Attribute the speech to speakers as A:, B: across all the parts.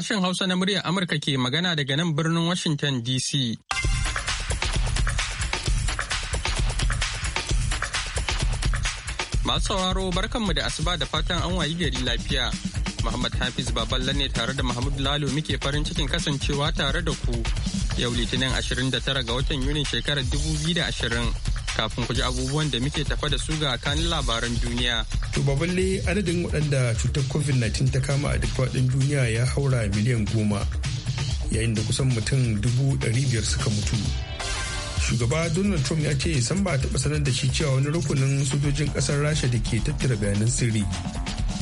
A: Sashen Hausa na muryar Amurka ke magana daga nan birnin Washington DC. Masu sauraro barkanmu da asuba da fatan an wayi gari lafiya. Muhammad Hafiz Baballe ne tare da Mahmud Lalo muke farin cikin kasancewa tare da ku. Yau Litinin 29 ga watan Yuni shekarar 2020 kafin ku ji abubuwan da muke tafa da su ga kanin labaran duniya.
B: To ba balle adadin waɗanda cutar COVID-19 ta kama a duk faɗin duniya ya haura miliyan goma yayin da kusan mutum dubu ɗari biyar suka mutu. Shugaba Donald Trump ya ce san ba taɓa sanar da shi cewa wani rukunin sojojin ƙasar Rasha da ke tattara bayanan sirri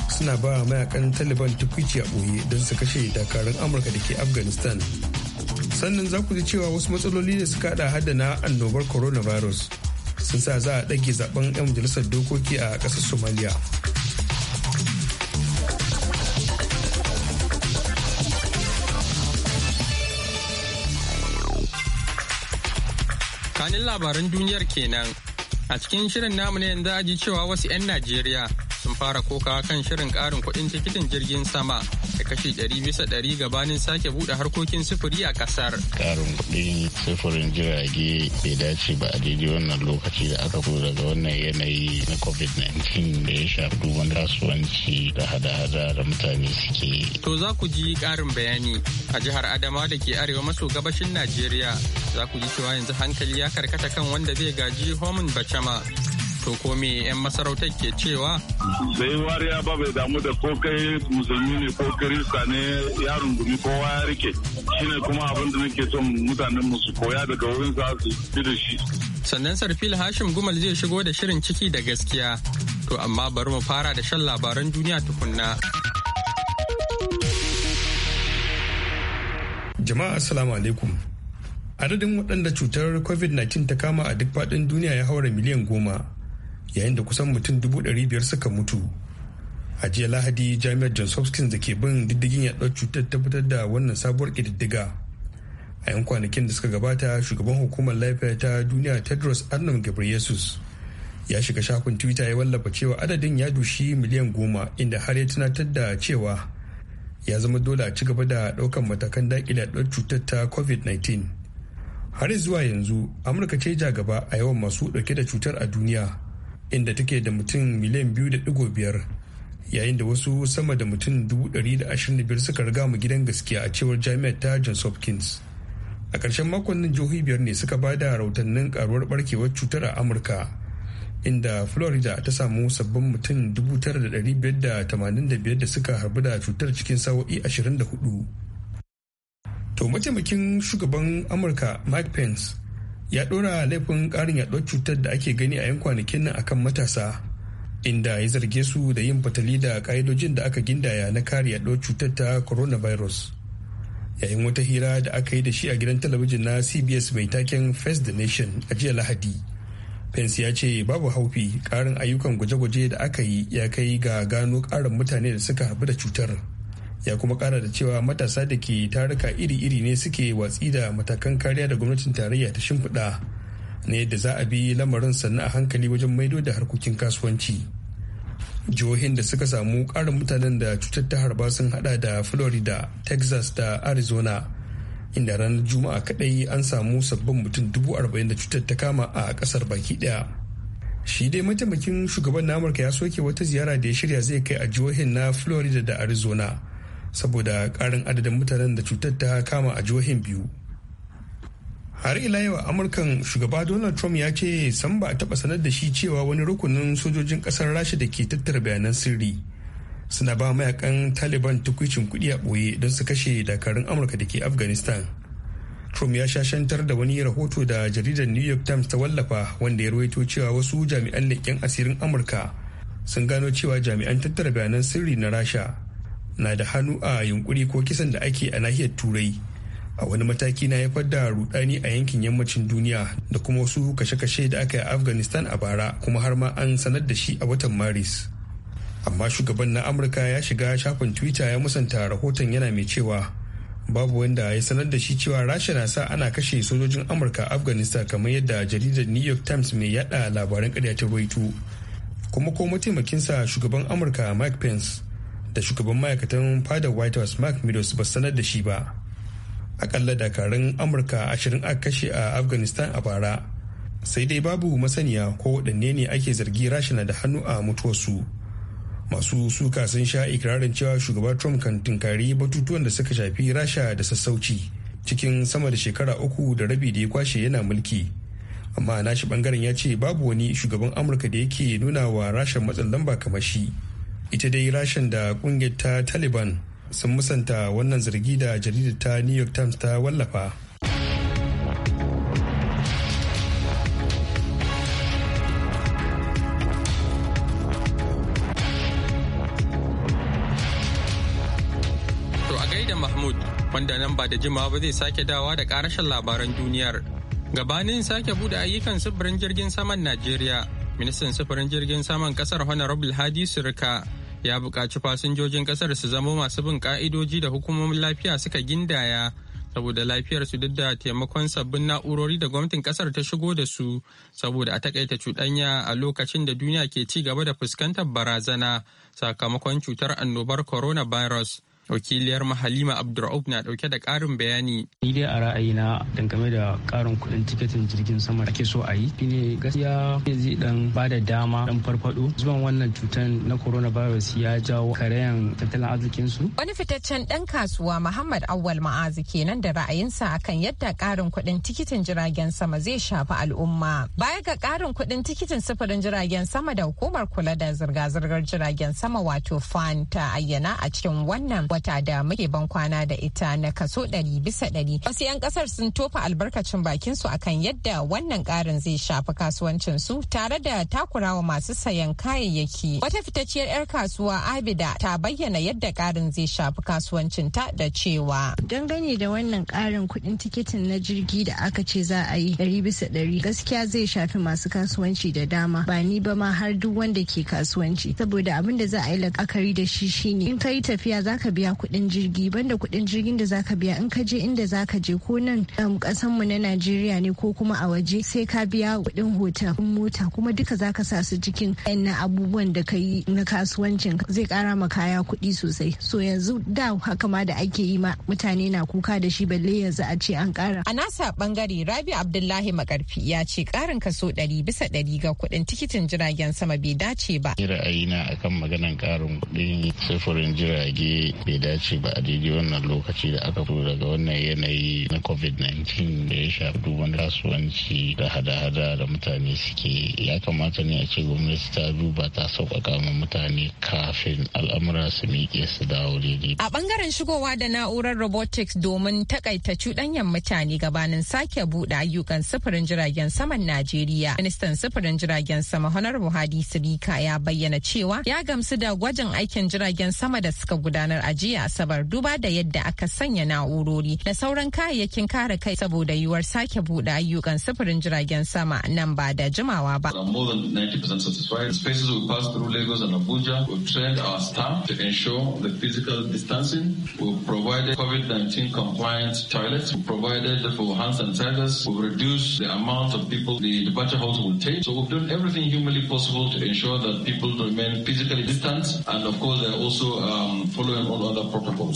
B: suna ba mayakan Taliban tukwici a ɓoye don su kashe dakarun Amurka da ke Afghanistan. sannan za ku ji cewa wasu matsaloli da suka hada na annobar coronavirus sun sa za a ɗage zaben 'yan majalisar dokoki a ƙasar somaliya
A: kanin labaran duniyar kenan a cikin shirin namu ne yanzu ji cewa wasu 'yan najeriya sun fara kokawa kan shirin ƙarin kuɗin tikitin jirgin sama kashi 100 bisa 100 gabanin sake bude harkokin sufuri a kasar. Karin
C: kuɗi sufurin jirage bai dace ba a daidai wannan lokaci da aka zo daga wannan yanayi na COVID-19 da ya shafi duban kasuwanci da hada-hada da mutane
A: suke. To za ku ji karin bayani a jihar adama da ke arewa maso gabashin Najeriya. Za ku ji cewa yanzu hankali ya karkata kan wanda zai gaji Homin Bachama To ko me 'yan masarautar ke cewa?
D: Sai wariya ba bai damu da ko kai musulmi ne ko kirista ne ya rungumi kowa ya rike. Shine kuma abin da nake son mutanen mu su koya daga wurin sa su bi da shi.
A: Sannan Sarfil Hashim Gumal zai shigo da shirin ciki da gaskiya. To amma bari mu fara da shan labaran duniya tukunna.
B: Jama'a Assalamu alaikum. Adadin waɗanda cutar COVID-19 ta kama a duk faɗin duniya ya haura miliyan goma. yayin da kusan mutum dubu ɗari biyar suka mutu a jiya lahadi jami'ar johns hopkins da ke bin diddigin yaɗuwar cutar tabbatar da wannan sabuwar ƙididdiga a yan kwanakin da suka gabata shugaban hukumar lafiya ta duniya tedros adnam ghebreyesus ya shiga shafin twitter ya wallafa cewa adadin ya dushi miliyan goma inda har ya tunatar da cewa ya zama dole a ci gaba da ɗaukan matakan daƙile yaɗuwar cutar ta covid-19 har zuwa yanzu amurka ce ja gaba a yawan masu ɗauke da cutar a duniya inda take da mutum miliyan biyu da digo biyar yayin da wasu sama da mutum dubu ɗari da ashirin da biyar suka riga mu gidan gaskiya a cewar jami'ar ta johns hopkins a ƙarshen makon nan jihohi biyar ne suka ba da rautannin karuwar barkewar cutar a amurka inda florida ta samu sabbin mutum dubu tara da ɗari biyar biyar da da da tamanin suka harbu da cutar cikin sa'o'i hudu to mataimakin shugaban amurka mike pence ya ɗora laifin ƙarin yaɗuwar cutar da ake gani a 'yan kwanakin nan akan matasa inda ya zarge su da yin fatali da ƙa'idojin da aka gindaya na kare yaɗuwar cutar ta coronavirus yayin wata hira da aka yi da shi a gidan talabijin na cbs mai taken first the nation a jiya lahadi pence ya ce babu haufi ƙarin ayyukan gwaje-gwaje da aka yi ya kai ga gano ƙarin mutane da suka habu da cutar. ya kuma kara da cewa matasa da ke taruka iri-iri ne suke watsi da matakan kariya da gwamnatin tarayya ta shimfiɗa na yadda za a bi lamarin sannan a hankali wajen maido da harkokin kasuwanci jihohin da suka samu ƙarin mutanen da cutar ta harba sun hada da florida texas da arizona inda ranar juma'a kadai an samu sabbin mutum dubu arba'in da cutar ta kama a kasar baki daya shi dai mataimakin shugaban na amurka ya soke wata ziyara da ya shirya zai kai a jihohin na florida da arizona saboda karin adadin mutanen da cutar ta kama a jihohin biyu har ila yau amurkan shugaba donald trump ya ce san ba a taba sanar da shi cewa wani rukunin sojojin kasar rasha da ke tattara bayanan sirri suna ba mayakan taliban tukwicin kuɗi a ɓoye don su kashe dakarun amurka da ke afghanistan trump ya shashantar da wani rahoto da jaridar new york times ta wallafa wanda ya rawaito cewa wasu jami'an leƙen asirin amurka sun gano cewa jami'an tattara bayanan sirri na rasha na da hannu a yunkuri ko kisan da ake a nahiyar turai a wani mataki na haifar da rudani a yankin yammacin duniya da kuma wasu kashe-kashe da aka yi a afghanistan a bara kuma har ma an sanar da shi a watan maris amma shugaban na amurka ya shiga shafin twitter ya musanta rahoton yana mai cewa babu wanda ya sanar da shi cewa rasha na sa ana kashe sojojin amurka a afghanistan kamar yadda jaridar new york times mai yada labaran karya ta ruwaito kuma ko mataimakinsa shugaban amurka mike pence da shugaban ma'aikatan fadar white house mark meadows ba sanar da shi ba akalla dakarun amurka ashirin aka kashe a afghanistan a bara sai dai babu masaniya ko waɗanne ne ake zargi rashina da hannu a mutuwarsu masu suka sun sha ikirarin cewa shugaba trump kan tunkari batutuwan da suka shafi rasha da sassauci cikin sama da shekara uku da rabi da ya kwashe yana mulki amma nashi bangaren ya ce babu wani shugaban amurka da yake nuna wa rashin matsin lamba kamar shi ita dai rashin da kungiyar ta taliban sun musanta wannan zargi da jaridar ta new york times ta wallafa
A: to a mahmud wanda nan ba da jimawa ba zai sake dawa da karashin labaran duniyar gabanin sake bude ayyukan sufurin jirgin saman najeriya ministan sufurin jirgin saman kasar honorable hadi surika ya buƙaci fasinjojin ƙasar su zama masu bin ƙa'idoji da hukumomin lafiya suka gindaya saboda lafiyarsu duk da taimakon sabbin na'urori da gwamnatin ƙasar ta shigo da su saboda a takaita cuɗanya a lokacin da duniya ke ci gaba da fuskantar barazana sakamakon cutar annobar coronavirus. virus wakiliyar mahalima abdurraub na dauke da karin bayani
B: ni dai a ra'ayina dangane da karin kudin tiketin jirgin sama ake so a yi ne gaskiya zai dan ba da dama dan farfado zuwan wannan cutar na coronavirus ya jawo karayan tattalin arzikin
E: su wani fitaccen dan kasuwa muhammad awwal ma'azi kenan da ra'ayinsa akan yadda karin kudin tikitin jiragen sama zai shafi al'umma baya ga karin kudin tikitin sufurin jiragen sama da hukumar kula da zirga-zirgar jiragen sama wato fanta ayyana a cikin wannan wata da muke ban kwana da ita na kaso ɗari bisa ɗari. Wasu 'yan ƙasar sun tofa albarkacin bakin su akan yadda wannan ƙarin zai shafi kasuwancin su tare da takurawa masu sayan kayayyaki. Wata fitacciyar 'yar kasuwa Abida ta bayyana yadda ƙarin zai shafi kasuwancin ta da cewa. Dangane da wannan ƙarin kuɗin tikitin na jirgi da aka ce za a yi ɗari bisa ɗari gaskiya zai shafi masu kasuwanci da dama ba ni ba ma har duk wanda ke kasuwanci saboda abin da za a yi la'akari da shi shine in ka yi tafiya za ka biya biya kudin jirgi banda kudin jirgin da zaka biya in ka je inda zaka je ko nan kasan um, mu na Najeriya ne ko kuma a waje sai ka biya kuɗin hotel mota kuma duka zaka sa su cikin na abubuwan da ka yi na kasuwancin zai kara ma kaya kudi sosai so yanzu da haka ma da ake yi ma mutane na kuka da shi balle yanzu a ce an kara. A nasa bangare Rabi Abdullahi Makarfi ya ce karin kaso ɗari bisa ɗari ga kudin tikitin jiragen sama bai dace ba.
C: Ra'ayina akan maganan karin kudin sufurin jirage bai bai dace ba a daidai wannan lokaci da aka fito daga wannan yanayi na covid-19 da ya shafi duk kasuwanci da hada-hada da mutane suke ya kamata ne a ce gwamnati ta duba ta sauƙaƙa ma mutane kafin al'amura su miƙe su dawo
E: daidai. A bangaren shigowa da na'urar robotics domin takaita cuɗanyan mutane gabanin sake buɗe ayyukan sufurin jiragen saman Najeriya. Ministan sufurin jiragen sama honar buhari Sirika ya bayyana cewa ya gamsu da gwajin aikin jiragen sama da suka gudanar a jiya Asabar duba da yadda aka sanya na'urori da sauran kayayyakin kare kai saboda yiwuwar sake buɗe ayyukan sufurin jiragen sama nan ba da jimawa ba.
A: COVID-19 compliant toilets. We provided for hands and sanitizers. We've reduced the amount of people the departure holds will take. So we've done everything humanly possible to ensure that people remain physically distant. And of course, they're also um, following all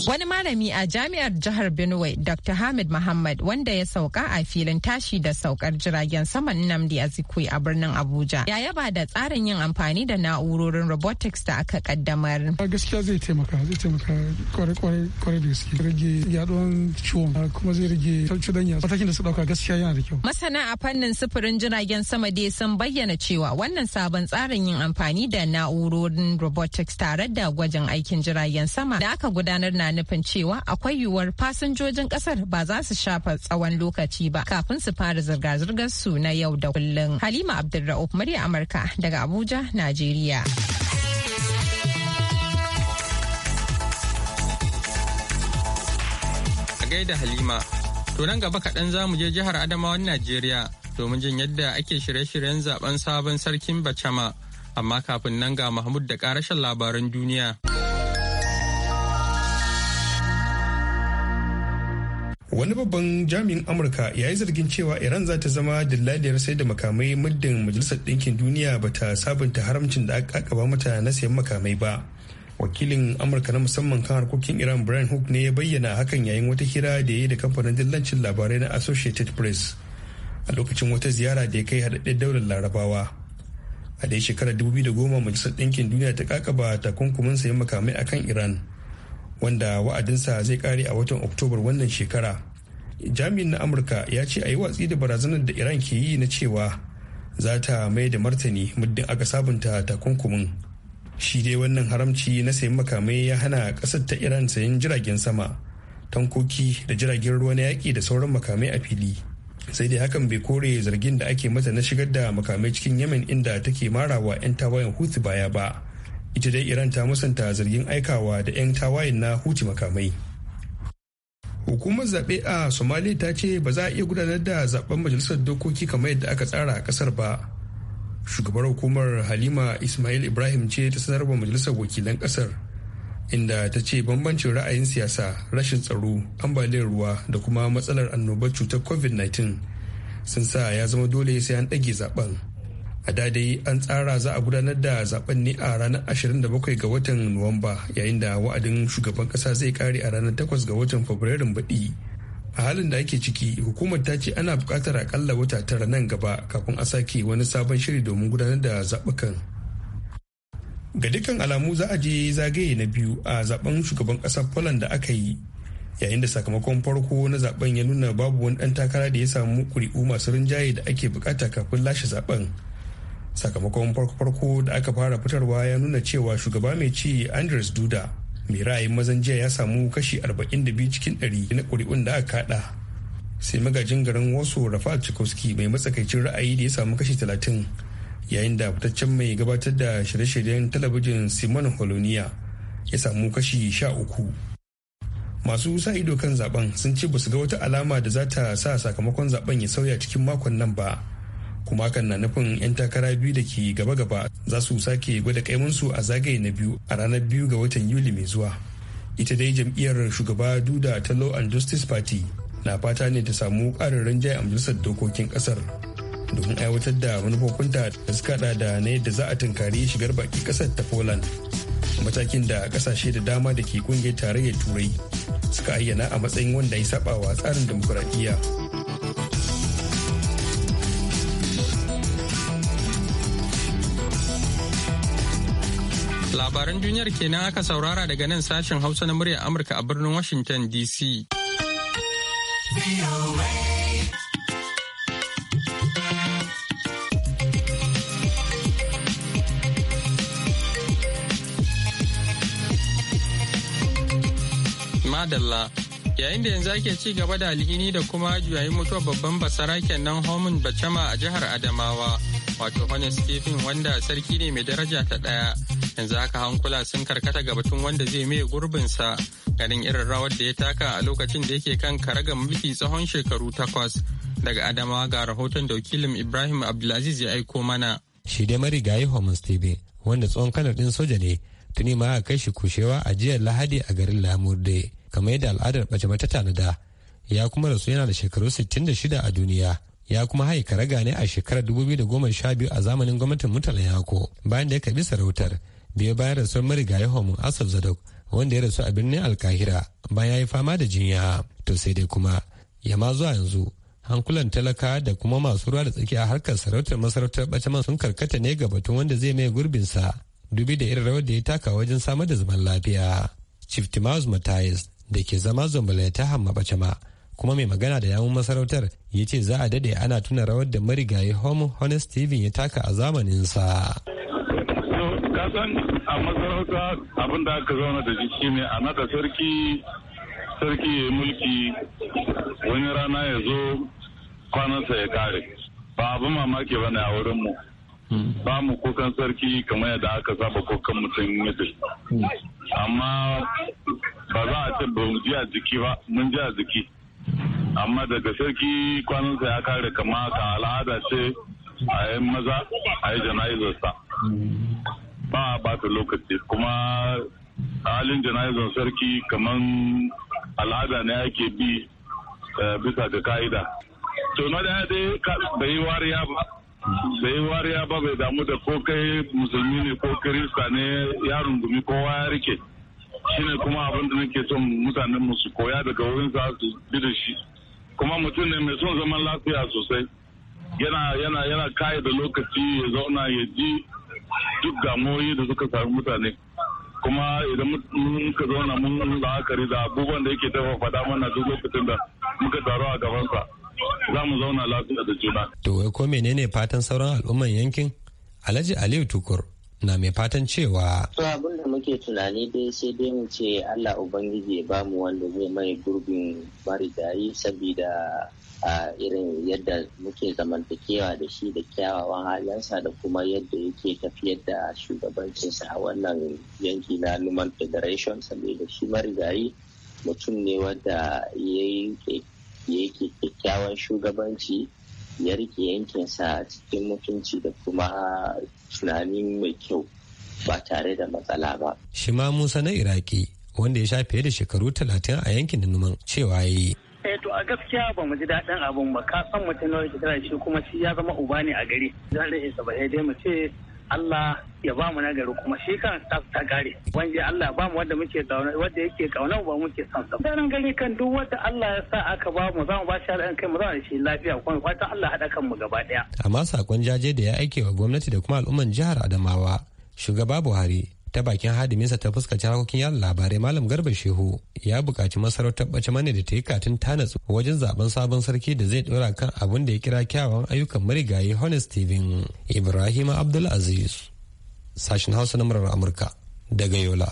E: Wani malami a jami'ar jihar Benue, Dr. Hamid Muhammad, wanda ya sauka a filin tashi da saukar jiragen saman Nnamdi Azikwe a birnin Abuja. Ya yaba da tsarin yin amfani da na'urorin robotics da aka kaddamar. Gaskiya zai taimaka, zai taimaka
B: kwarai-kwarai da gaske. Rage ciwon kuma zai rage Matakin da su
A: gaskiya yana da kyau.
E: Masana a fannin sufurin jiragen sama dai sun bayyana cewa wannan sabon tsarin yin amfani da na'urorin robotics tare da gwajin aikin jiragen sama da aka aka gudanar na nufin cewa akwai yiwuwar fasinjojin kasar ba za su shafa tsawon lokaci ba kafin su fara zirga-zirgar su na yau da kullum. Halima Abdulra'uf murya Amurka daga Abuja, Najeriya.
A: A gaida Halima, to nan gaba kaɗan za mu je jihar Adamawan Najeriya domin jin yadda ake shirye-shiryen zaben sabon sarkin bachama Amma kafin nan ga Mahmud da ƙarashin labaran duniya.
B: wani babban jami'in amurka ya yi zargin cewa iran za ta zama dillaliyar sai da makamai muddin majalisar ɗinkin duniya ba ta sabunta haramcin da aka ba mata na sayan makamai ba wakilin amurka na musamman kan harkokin iran brian hook ne ya bayyana hakan yayin wata hira da ya yi da kamfanin dillancin labarai na associated press a lokacin wata ziyara da ya kai haɗaɗɗen daular larabawa a dai shekarar 2010 majalisar ɗinkin duniya ta kakaba takunkumin sayan makamai akan iran wanda wa'adinsa zai kare a watan oktobar wannan shekara jami'in na amurka ya ce a yi watsi da barazanar da iran ke yi na cewa za ta mai da martani muddin aka sabunta takunkumin shi dai wannan haramci na sayan makamai ya hana ƙasar ta iran sayan jiragen sama tankoki da jiragen ruwa na yaki da sauran makamai a fili sai dai hakan bai kore zargin da ake mata na shigar da makamai cikin yamen inda take marawa 'yan tawayen hutu baya ba ita dai iran ta musanta zargin aikawa da 'yan tawayen na huti makamai hukumar zaɓe a somalia ta ce ba za a iya gudanar da zaɓen majalisar dokoki kamar yadda aka tsara a ƙasar ba shugabar hukumar halima ismail ibrahim ce ta sanar sanarwa majalisar wakilan ƙasar inda ta ce bambancin ra'ayin siyasa rashin tsaro ambaliyar ruwa da kuma matsalar annobar cutar covid-19 sun sa ya zama dole sai an ɗage zaɓen. a dadai an tsara za a gudanar da zaben ne a ranar 27 ga watan nuwamba yayin da wa'adin shugaban kasa zai kare a ranar 8 ga watan fabrairun baɗi a halin da ake ciki hukumar ta ce ana buƙatar akalla wata tara nan gaba kafin a sake wani sabon shiri domin gudanar da zaɓukan ga dukkan alamu za a je zagaye na biyu a zaben shugaban ƙasar poland da aka yi yayin da sakamakon farko na zaben ya nuna babu wani ɗan takara da ya samu kuri'u masu rinjaye da ake bukata kafin lashe zaben sakamakon farko-farko da aka fara fitarwa ya nuna cewa shugaba mai ci andres duda mai ra'ayin mazan jiya ya samu kashi 42 cikin 100 na kuri'un da aka kada sai magajin garin wasu rafal cikoski mai matsakaicin ra'ayi da ya samu kashi 30 yayin da fitaccen mai gabatar da shirye-shiryen talabijin simon holonia ya samu kashi 13 masu sa ido kan zaben sun ce ba su ga wata alama da za ta sa sakamakon zaben ya sauya cikin makon nan ba kuma hakan na nufin 'yan takara biyu da ke gaba-gaba za su sake gwada kaimansu a zagaye na biyu a ranar biyu ga watan yuli mai zuwa ita dai jam'iyyar shugaba duda ta law and justice party na fata ne ta samu ƙarin rinjaye a majalisar dokokin ƙasar domin aiwatar da manufofinta da suka hada da na yadda za a tunkari shigar baki ƙasar ta poland matakin da ƙasashe da dama da ke kungiyar tarayyar turai suka ayyana a matsayin wanda ya saɓawa tsarin demokuraɗiyya
A: Labaran duniyar kenan aka saurara daga nan sashen Hausa na muryar Amurka a birnin Washington DC. Madalla yayin da yanzu ake ci gaba da alhini da kuma juyayin mutuwar babban basaraken nan homin bacama a jihar Adamawa wato Honest Stephen wanda sarki ne mai daraja ta ɗaya yanzu haka hankula sun karkata ga batun wanda zai mai gurbinsa ganin irin rawar da ya taka a lokacin da yake kan karagar mulki tsawon shekaru takwas daga adamawa ga rahoton da wakilin ibrahim abdulaziz ya aiko mana
F: shi dai marigayi homus tebe wanda tsohon kanar din soja ne tuni ma kai shi kushewa a jiyar lahadi a garin lamurde kamar yadda al'adar bace mata tanada ya kuma rasu yana da shekaru sittin da shida a duniya ya kuma haika raga ne a shekarar 2012 a zamanin gwamnatin mutala yako bayan da ya karbi sarautar biyo bayan rasuwar marigayi homin asaf zadok wanda ya rasu a birnin alkahira bayan ya yi fama da jinya to sai dai kuma yama zuwa yanzu hankulan talaka da kuma masu ruwa da tsaki a harkar sarautar masarautar bacaman sun karkata ne ga batun wanda zai mai sa dubi da irin rawar da ya taka wajen samar da zaman lafiya chief timaus matthias da ke zama zambala ta hamma bacama kuma mai magana da yawun masarautar ya ce za a dade ana tuna rawar da marigayi homo honest tv ya taka a zamaninsa
D: san a masarauta abin da aka zauna da shi ne a naka sarki sarki ya mulki wani rana ya zo kwanansa ya kare ba abin mamaki ba ne a wurinmu hmm. ba mu kukan sarki kamar yadda aka saba kukan mutum mutum hmm. amma ba za a ce ba ji a jiki ba mun ji a jiki amma daga sarki kwanansa ya kare kama ka al'ada ce a yi maza a yi jana'izarsa hmm. ba a bata lokaci kuma halin jana'izar sarki kamar al'ada ne ake bi eh, bisa ga ka'ida to na daya dai bai wariya ba bai wariya ba bai damu da ko kai musulmi ne ko kirista ne ya rungumi kowa ya rike shine kuma abin da nake son mutanen mu su koya daga wurin sa su bi da shi kuma mutum ne mai son zaman lafiya sosai yana yana yana kai da lokaci ya zauna ya ji duk gamoyi da suka sami mutane kuma idan muka zauna mun la'akari da abubuwan da yake tafa faɗa mana duk lokacin da muka taru a gabansa za mu zauna lafiya da juna.
F: To wai ko menene fatan sauran al'umman yankin? Alhaji Aliyu Tukur na mai fatan cewa Su
A: abin da muke tunani dai sai dai mu ce Allah ubangiji ya mu wanda zai mai gurbin marigayi saboda a irin yadda muke zamantakewa da shi da kyawawan halinsa da kuma yadda yake tafiyar da shugabancinsa a wannan yanki na numan federation saboda shi marigayi mutum ne wanda yake kyakkyawan shugabanci ya rike yankinsa a cikin mutunci da kuma tunani
D: mai kyau ba tare da matsala ba.
F: Shima Musa na Iraki wanda ya sha fiye da shekaru talatin a yankin da numan cewa ya yi.
D: Eh to a gaskiya ba mu ji daɗin abin ba ka
B: san mutum na shekara shi kuma shi ya zama uba ne a gari. Zan rage sa ba eh, dai mu ce Allah
G: ya ba mu nagari kuma shi kan ta ta gare wanda Allah ba mu wanda muke kauna wanda yake kauna ba muke son sa dan gari kan duk wanda Allah ya sa aka ba mu za mu ba shi alƙan kai mu za mu shi lafiya
B: kuma fatan Allah hada kan mu gaba daya
F: amma sakon jaje da ya aike wa gwamnati da kuma al'umman jihar Adamawa shugaba Buhari ta bakin hadiminsa ta fuskacin harkokin yada labarai malam garba shehu ya bukaci masarautar tabbace mana da ta yi katin tanatsu wajen zaben sabon sarki da zai ɗora kan abin da ya kira kyawawan ayyukan marigayi honest steven ibrahim abdulaziz sashen hausa na murar amurka daga yola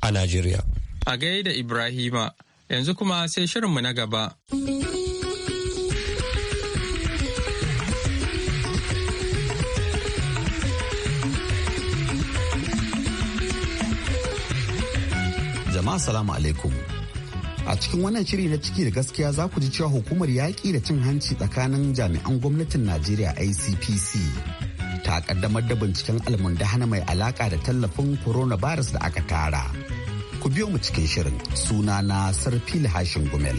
F: a najeriya
A: a gaida ibrahima yanzu kuma sai shirin mu na gaba.
G: jama'a salamu alaikum a cikin wannan shiri na ciki da gaskiya za ku ji cewa hukumar yaƙi da cin hanci tsakanin jami'an gwamnatin najeriya icpc ta kaddamar da binciken da hana mai alaka da tallafin coronavirus da aka tara ku biyo mu cikin shirin sunana sarfil hashin gumel.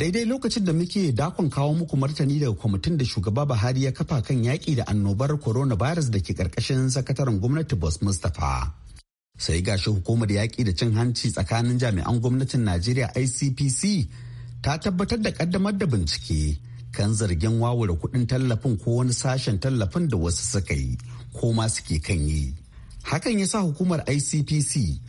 G: daidai lokacin da muke dakon kawo muku martani daga kwamitin da shugaba Buhari ya kafa kan yaƙi da annobar coronavirus da ke ƙarƙashin sakataren gwamnati Bos Mustapha. Sai gashi hukumar yaƙi da cin hanci tsakanin jami'an gwamnatin Najeriya ICPC ta tabbatar da ƙaddamar da bincike kan zargin wawura kuɗin tallafin ko wani sashen tallafin da wasu suka yi ko ma suke kan yi. Hakan ya sa hukumar ICPC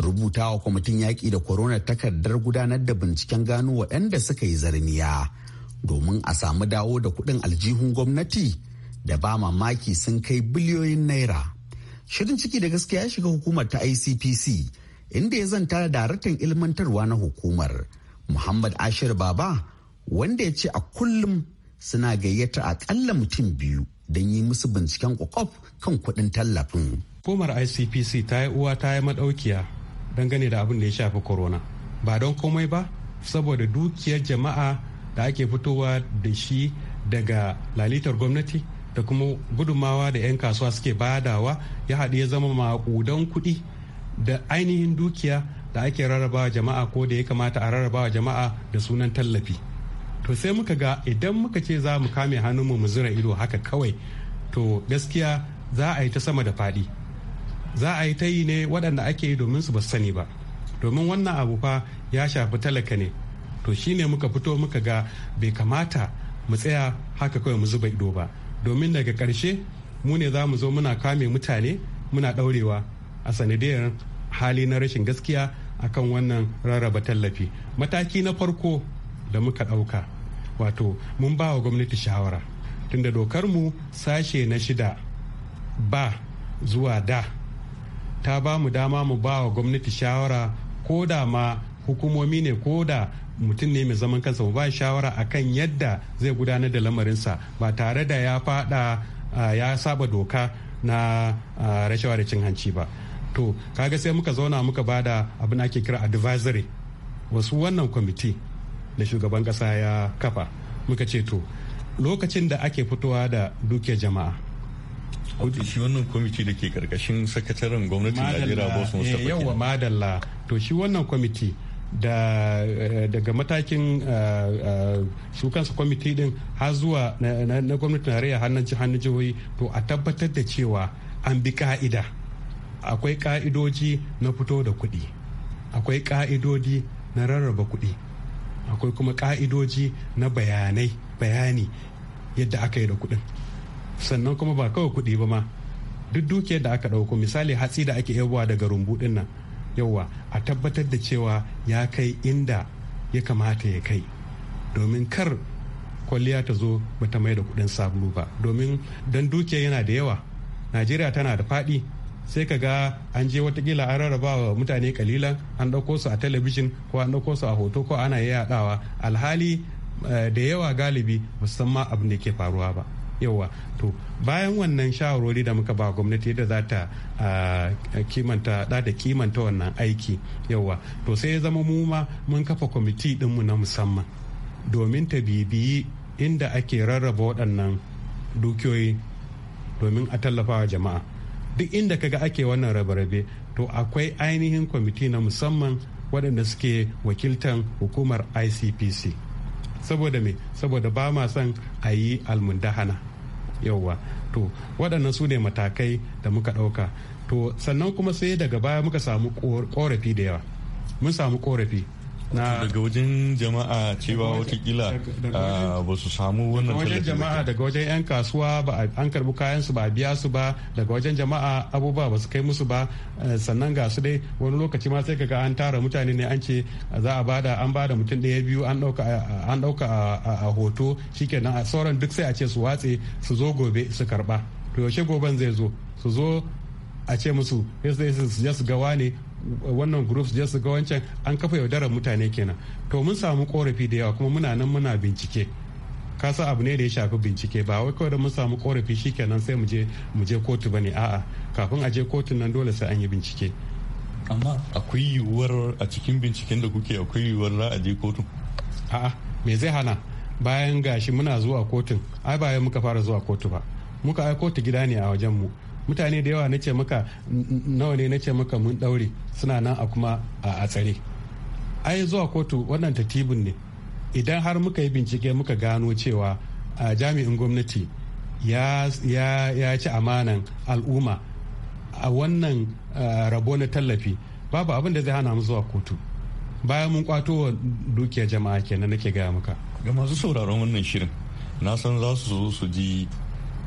G: rubuta wa kwamitin yaƙi da korona takardar gudanar da binciken gano waɗanda suka yi zarniya domin a samu dawo da kuɗin aljihun gwamnati da ba mamaki sun kai biliyoyin naira. Shirin ciki da gaskiya ya shiga hukumar ta ICPC inda ya zanta da daraktan ilmantarwa na hukumar Muhammad Ashir Baba wanda ya ce a kullum suna gayyata akalla mutum biyu don yi musu binciken kwakwaf kan kuɗin tallafin.
H: Hukumar ICPC ta yi uwa ta yi madaukiya dangane da abin da ya shafi corona ba don komai ba saboda dukiyar jama'a da ake fitowa da shi daga lalitar gwamnati da kuma gudummawa da 'yan kasuwa suke badawa ya haɗu ya zama maƙudan kuɗi da ainihin dukiya da ake rarrabawa jama'a ko da ya kamata a rarrabawa jama'a da sunan tallafi to sai muka ga idan muka ce za mu kame hannunmu mu zira ido haka kawai to gaskiya za a yi ta sama da faɗi za a yi ta yi ne waɗanda ake yi domin su ba sani ba domin wannan abu fa ya shafi talaka ne to shine muka fito muka ga bai kamata mu tsaya haka kawai mu zuba ido ba domin daga ƙarshe mu ne za mu zo muna kame mutane muna ɗaurewa a sanadiyar hali na rashin gaskiya akan wannan rarraba tallafi mataki na farko da muka ɗauka wato mun ba wa gwamnati shawara tunda dokar mu sashe na shida ba zuwa da ta ba mu dama mu ba wa gwamnati shawara ko da ma hukumomi ne ko da mutum ne mai zaman kansa mu ba shawara a kan yadda zai gudanar da lamarinsa ba tare da ya fada ya saba doka na rashawa da cin hanci ba to kaga sai muka zauna muka ba da abin ake kira advisory wasu wannan kwamiti da shugaban kasa ya kafa muka ce to lokacin da ake fitowa da dukiyar jama'a
C: hudu shi wannan kwamiti da ke karkashin sakataren gwamnatin najeriya boss mustapha eh, wa madalla
H: to shi wannan kwamiti da eh, daga matakin eh, su kansa kwamiti din har zuwa na gwamnatin tarayya hannun jihohi to a tabbatar da cewa an bi ka'ida akwai ka'idoji na fito da kuɗi akwai ka'idoji na rarraba kuɗi akwai kuma ka'idoji na bayanai bayani yadda aka yi da kuɗin sannan kuma ba kawai kuɗi ba ma duk dukiyar da aka ɗauko misali hatsi da ake yabuwa daga rumbu ɗin nan yauwa a tabbatar da cewa ya kai inda ya kamata ya kai domin kar kwalliya ta zo bata mai da kuɗin sabulu ba domin don dukiya yana da yawa najeriya tana da faɗi sai ka ga an je watakila an rarraba wa mutane kalilan an ɗauko su a talabijin ko an ɗauko su a hoto ko ana yaɗawa alhali eh, da yawa galibi musamman abin da ke faruwa ba yawa to bayan wannan shawarwari da muka ba gwamnati yadda za ta kimanta da da kimanta wannan aiki yawa to sai ya zama mu ma mun kafa kwamiti dinmu na musamman domin ta bibiyi inda ake rarraba waɗannan dukiyoyi domin a tallafawa jama'a duk inda kaga ake wannan rabe-rabe to akwai ainihin kwamiti na musamman waɗanda suke wakiltan hukumar icpc saboda me saboda ba ma son a yi almundahana yauwa to waɗannan su ne matakai da muka ɗauka to sannan kuma sai daga baya muka samu ƙorafi da yawa mun samu ƙorafi.
C: na daga wajen jama'a cewa watakila
H: ah, ba su samu wannan wajen jama'a daga wajen 'yan kasuwa ba an karbi kayan su ba a biya su ba daga wajen jama'a abubuwa ba su kai musu ba eh, sannan ga su dai wani lokaci ma sai kaga an tara mutane ne an ce za a bada an bada mutum ɗaya biyu an ɗauka a hoto shikenan a sauran duk sai a ce su watse su zo gobe su karba to yaushe goben zai zo su zo a ce musu su su ga wane wannan groups je su ga wancan an kafa yaudarar mutane kenan to mun samu korafi da yawa kuma muna nan muna bincike kasa abu ne da ya shafi bincike ba wai kawai da mun samu korafi shikenan sai mu je mu je kotu a'a kafin a je kotun nan dole sai an yi bincike amma akwai yiwuwar a cikin binciken da kuke akwai yiwuwar za a je kotun a'a me zai hana bayan gashi muna zuwa kotun ai ba muka fara zuwa kotu ba muka ai kotu gida ne a wajen mu mutane da yawa na ce maka nawa ne na ce maka mun daure suna nan a kuma a tsare ai zuwa kotu wannan tatibin ne idan har muka yi bincike muka gano cewa a jami'in gwamnati ya ci amanan al'umma a wannan rabo na tallafi babu abin da zai hana mu zuwa kotu bayan mun kwato wa dukiyar jama'a kenan nake gaya muka
C: ga masu sauraron wannan shirin na san za su zo su ji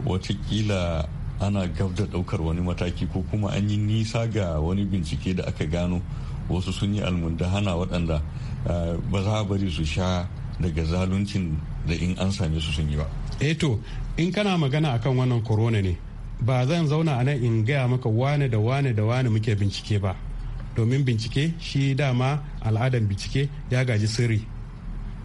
C: watakila ana gab da daukar wani mataki ko kuma an yi nisa ga wani bincike da aka gano wasu sun yi almunda hana waɗanda eh, ba za a bari su sha daga zaluncin
H: da in an same su sun yi ba. eto eh in kana magana akan wannan korona ne ba zan zauna a nan in gaya maka wane da wane da wane muke bincike ba domin bincike shi dama al'adan bincike ya gaji sirri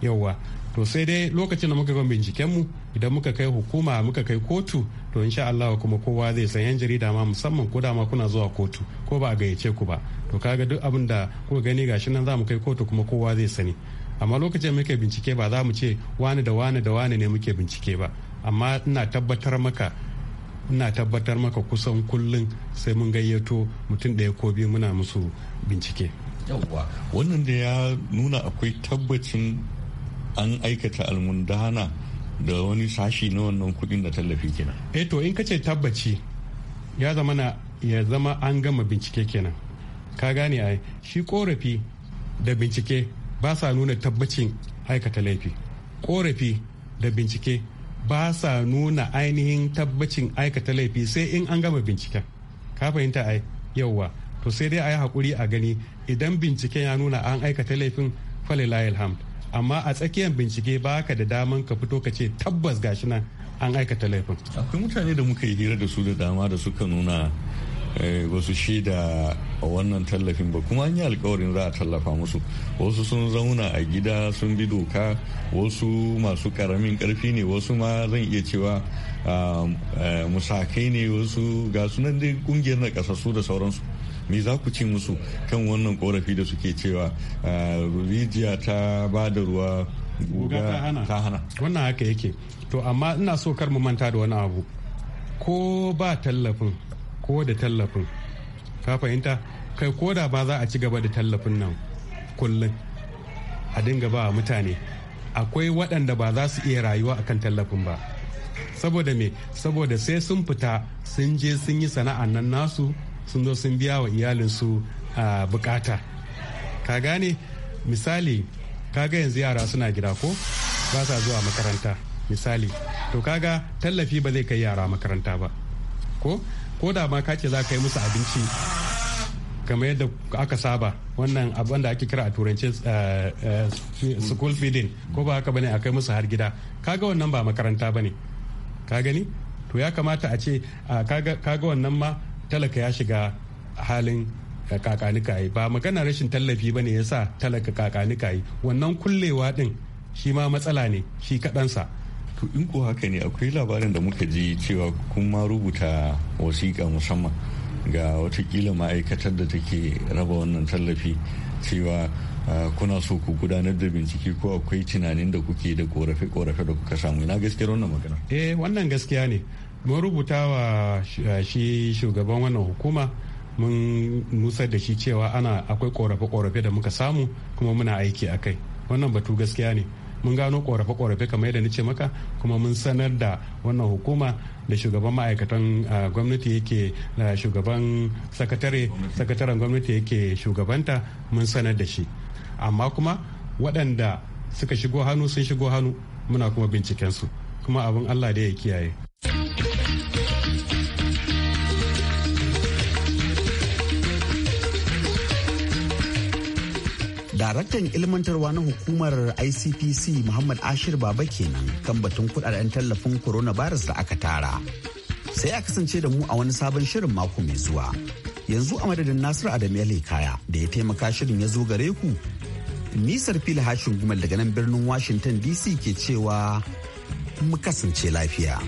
H: yauwa to sai dai lokacin da muka binciken bincikenmu idan muka kai hukuma muka kai kotu to insha Allah kuma kowa zai san yan jarida ma musamman ko da kuna zuwa kotu ko ba a gayyace ku ba to kaga duk abin da kuka gani gashi nan za mu kai kotu kuma kowa zai sani amma lokacin muke bincike ba za mu ce wani da wani da wani ne muke bincike ba amma ina tabbatar maka ina tabbatar maka kusan kullum sai mun gayyato mutum ɗaya ko biyu muna musu bincike
C: yawwa wannan da ya nuna akwai tabbacin an aikata almundana da wani sashi na wannan kudin da tallafi kenan
H: eh to in kace tabbaci ya zama na ya zama an gama bincike kenan ka gane ai shi korafi da bincike ba sa nuna tabbacin aikata laifi korafi da bincike ba sa nuna ainihin tabbacin aikata laifi sai in an gama binciken ka fahimta ai yauwa to sai dai a yi hakuri a gani idan binciken ya nuna an aikata laifin falilayil hamd amma a tsakiyar bincike ba ka da daman ka fito ka ce tabbas gashi nan an aikata laifin akwai mutane da muka yi hira da su da dama
C: da suka nuna wasu eh, shaida wannan tallafin ba kuma an yi alkawarin za a tallafa musu wasu sun zauna a gida sun bi doka wasu masu karamin karfi ne wasu ma zan iya cewa ah, eh, musakai ne wasu ga sunan dai kungiyar na kasassu da sauransu me za ku ci musu kan wannan korafi da
H: suke cewa ah, rijiya ta ba da ruwa guga ta hana wannan haka yake to amma ina so kar mu manta da wani abu ko ba tallafin ko da tallafin ka fahimta kai ko da ba za a ci gaba da tallafin nan kullum a dinga ba mutane akwai waɗanda ba za su iya rayuwa akan tallafin ba saboda me saboda sai sun fita sun je sun yi sana'an nan nasu sun zo sun biya wa iyalinsu a bukata ka gane misali kaga yanzu yara suna gida ko ba sa zuwa makaranta misali to kaga tallafi ba zai kai yara makaranta ba ko ko da ma kace za ka yi musu abinci kamar yadda aka saba wannan abin da ake kira a turance eh, eh, school feeding ko ba haka bane kai musu har gida kaga wannan ba makaranta bane ka gani to ya kamata a ce kaga wannan ma talaka ya shiga halin kakanika ba magana rashin tallafi ba ne ya sa talaka kakanika wannan kullewa din shi ma matsala ne shi kaɗansa
C: to in ko haka ne akwai labarin da muka ji cewa kun ma rubuta wasiƙa musamman ga watakila ma'aikatar da take raba wannan tallafi cewa ah, kuna so ku gudanar da bincike ko akwai tunanin da kuke da korafe-korafe da kuka samu ina gaskiyar wannan magana
H: eh wannan gaskiya ne mun rubuta wa eh, shi shugaban wannan hukuma mun nusar da shi cewa ana akwai korafe-korafe da muka samu kuma muna aiki a kai wannan batu gaskiya ne mun gano korafe-korafe kamar yadda nace maka kuma mun sanar da wannan hukuma da shugaban ma'aikatan eh, gwamnati yake da eh, shugaban sakatare sakataren gwamnati yake shugabanta mun sanar da shi amma kuma waɗanda suka shigo hannu sun shigo hannu muna kuma binciken su kuma abin allah da ya kiyaye
G: Daraktan ilmantarwa na hukumar ICPC Muhammad Ashir Baba kenan kan batun kudaden tallafin corona coronavirus da aka tara. Sai a kasance da mu a wani sabon shirin mako mai zuwa. Yanzu a madadin Nasiru Adam kaya da ya taimaka shirin ya zo gare ku. Nisar fili hashin gumal daga nan birnin Washington DC ke cewa mu kasance lafiya.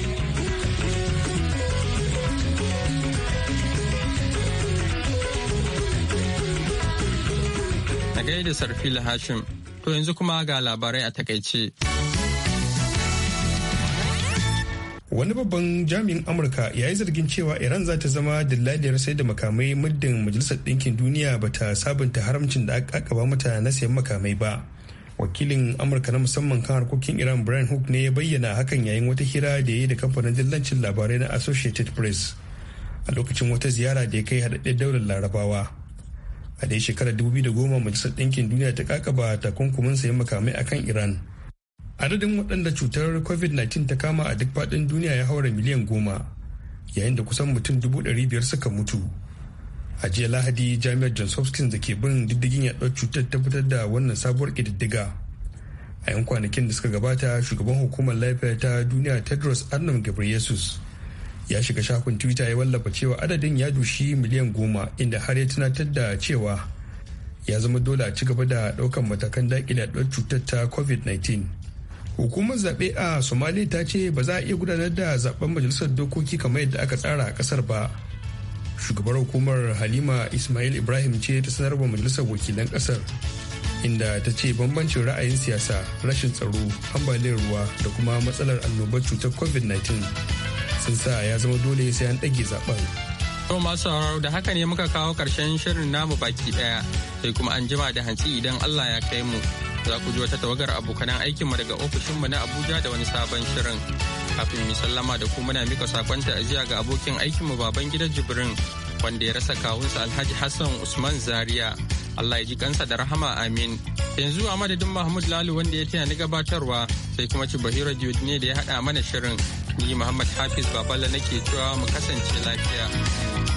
A: da sarfila hashim to yanzu kuma ga labarai a takaice
B: wani babban jami'in amurka ya yi zargin cewa iran za ta zama dillaliyar sai da makamai muddin majalisar ɗinkin duniya ba ta sabunta haramcin da aka ba mata na sayan makamai ba wakilin amurka na musamman kan harkokin iran brian hook ne ya bayyana hakan yayin wata hira da ya yi da kamfanin dillancin labarai na associated press a lokacin wata ziyara da ya kai haɗaɗɗen daular larabawa a dai shekarar 2010 majalisar ɗinkin duniya ta kakaba takunkumin sayan makamai akan iran adadin waɗanda cutar covid-19 ta kama a duk faɗin duniya ya haura miliyan goma yayin da kusan mutum dubu ɗari biyar suka mutu a jiya lahadi jami'ar johns hopkins da ke bin diddigin yaɗuwar cutar ta fitar da wannan sabuwar ƙididdiga a yan kwanakin da suka gabata shugaban hukumar lafiya ta duniya tedros adnan gabriel ya shiga shafin twitter ya wallafa cewa adadin ya dushi miliyan goma inda har ya tunatar da cewa ya zama dole a ci gaba da daukan matakan daƙile yaduwar cutar ta covid-19 hukumar zaɓe a somalia ta ce ba za a iya gudanar da zaben majalisar dokoki kamar yadda aka tsara a ƙasar ba shugabar hukumar halima ismail ibrahim ce ta sanar wa majalisar wakilan ƙasar inda ta ce bambancin ra'ayin siyasa rashin tsaro ambaliyar ruwa da kuma matsalar annobar cutar covid-19 sun sa ya zama dole sai an ɗage zaɓen.
A: To masu sauraro da haka ne muka kawo ƙarshen shirin namu baki ɗaya sai kuma an jima da hantsi idan Allah ya kai mu. Za ku ji wata tawagar abokanan aikinmu daga ofishinmu na Abuja da wani sabon shirin. Kafin mu sallama da ku muna mika sakon ta'aziyya ga abokin aikinmu baban gida Jibrin wanda ya rasa kawunsa Alhaji Hassan Usman Zaria Allah ya ji kansa da rahama amin. Yanzu a madadin Mahmud Lalu wanda ya tana ni gabatarwa sai kuma ci Bahira ne da ya haɗa mana shirin. Ni Muhammad Hafiz Baballa nake cewa mu kasance
D: lafiya.